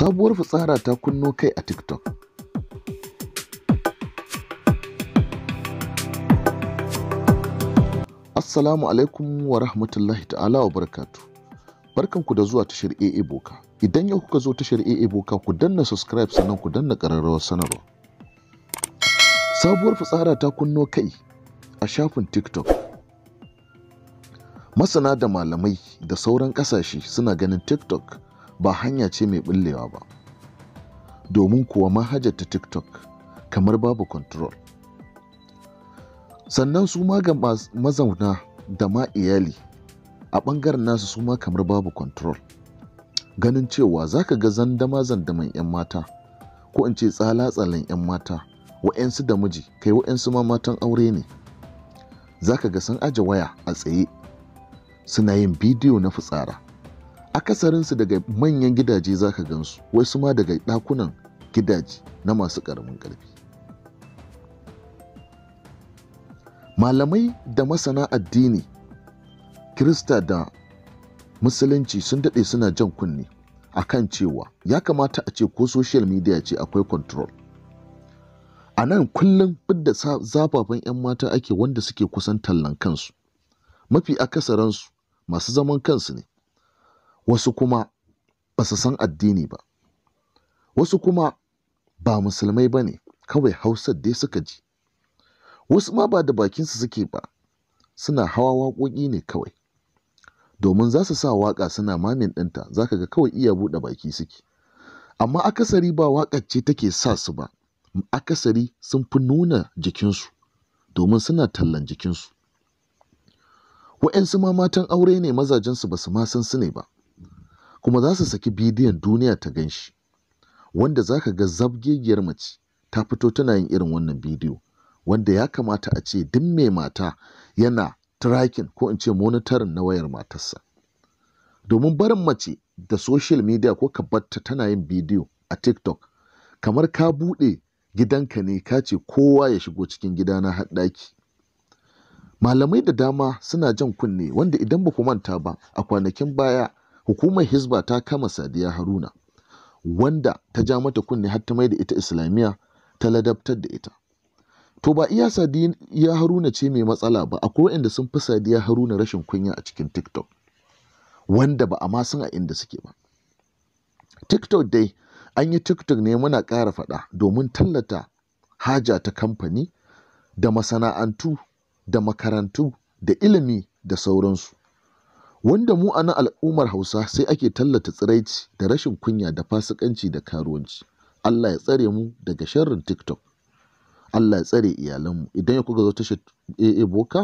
sabuwar fitsara ta kunno kai a tiktok assalamu alaikum wa rahmatullahi ta'ala wa barakatu barkanku da zuwa tashar AA Boka idan yau kuka zo tashar AA Boka ku danna subscribe sannan ku danna ƙararrawar sanarwa sabuwar fitsara ta kunno kai a shafin tiktok masana da malamai da sauran kasashe suna ganin tiktok ba hanya ce mai bullewa ba domin kuwa manhajar ta tiktok kamar babu kontrol. sannan su ma ga mazauna da ma iyali a ɓangaren nasu su ma kamar babu kontrol. ganin cewa za ka ga zandama-zandaman 'yan mata ko in ce tsala-tsalan 'yan mata wa'yansu da miji kai wa'yansu ma matan aure ne za ka ga san aje waya a tsaye suna yin bidiyo na fitsara akasarinsu daga manyan gidaje za ka gansu su ma daga ɗakunan gidaje na masu ƙaramin ƙarfi malamai da masana addini kirista da musulunci sun daɗe suna jan kunne a kan cewa ya kamata a ce ko social media ce akwai control a nan kullum da zababen 'yan mata ake wanda suke kusan tallan kansu mafi akasaransu masu zaman kansu ne wasu kuma ba su san addini ba wasu kuma ba musulmai ba ne kawai hausar dai suka ji wasu ma ba da bakinsu suke ba suna hawa waƙoƙi ne kawai domin za su sa waƙa suna mamin ɗinta za ka ga kawai iya buɗe baki suke amma akasari ba waƙar ce take sa su ba akasari sun fi nuna jikinsu domin suna tallan jikinsu wa'yansu ma matan aure ne mazajensu ba su ma san su ne ba kuma za su saki bidiyon duniya ta gan shi wanda za ka ga zabgegiyar mace ta fito tana yin irin wannan bidiyo wanda ya kamata a ce duk mai mata yana tracking ko in ce monitoring na wayar matarsa domin barin mace da social media ko ka batta tana yin bidiyo a tiktok kamar ka buɗe gidanka ne ka ce kowa ya shigo cikin gidana haɗaki malamai da dama suna jan kunne wanda idan ba ku manta ba a kwanakin baya hukumar hizba ta kama sadiya haruna wanda ta ja mata kunne har ta mai da ita islamiyya ta ladabtar da ita to ba iya sadiya haruna ce mai matsala ba akwai waɗanda sun fi sadiya haruna rashin kunya a cikin tiktok wanda ba a ma a inda suke ba tiktok dai an yi tiktok ne muna ƙara faɗa domin tallata haja ta kamfani da masana'antu da makarantu da ilimi da sauransu wanda mu a nan al'ummar Hausa sai ake tallata tsiraici da rashin kunya da fasikanci da karuwanci. Allah ya tsare mu daga sharrin TikTok. Allah ya tsare iyalanmu. Idan ya kuka zo tashar AA Boka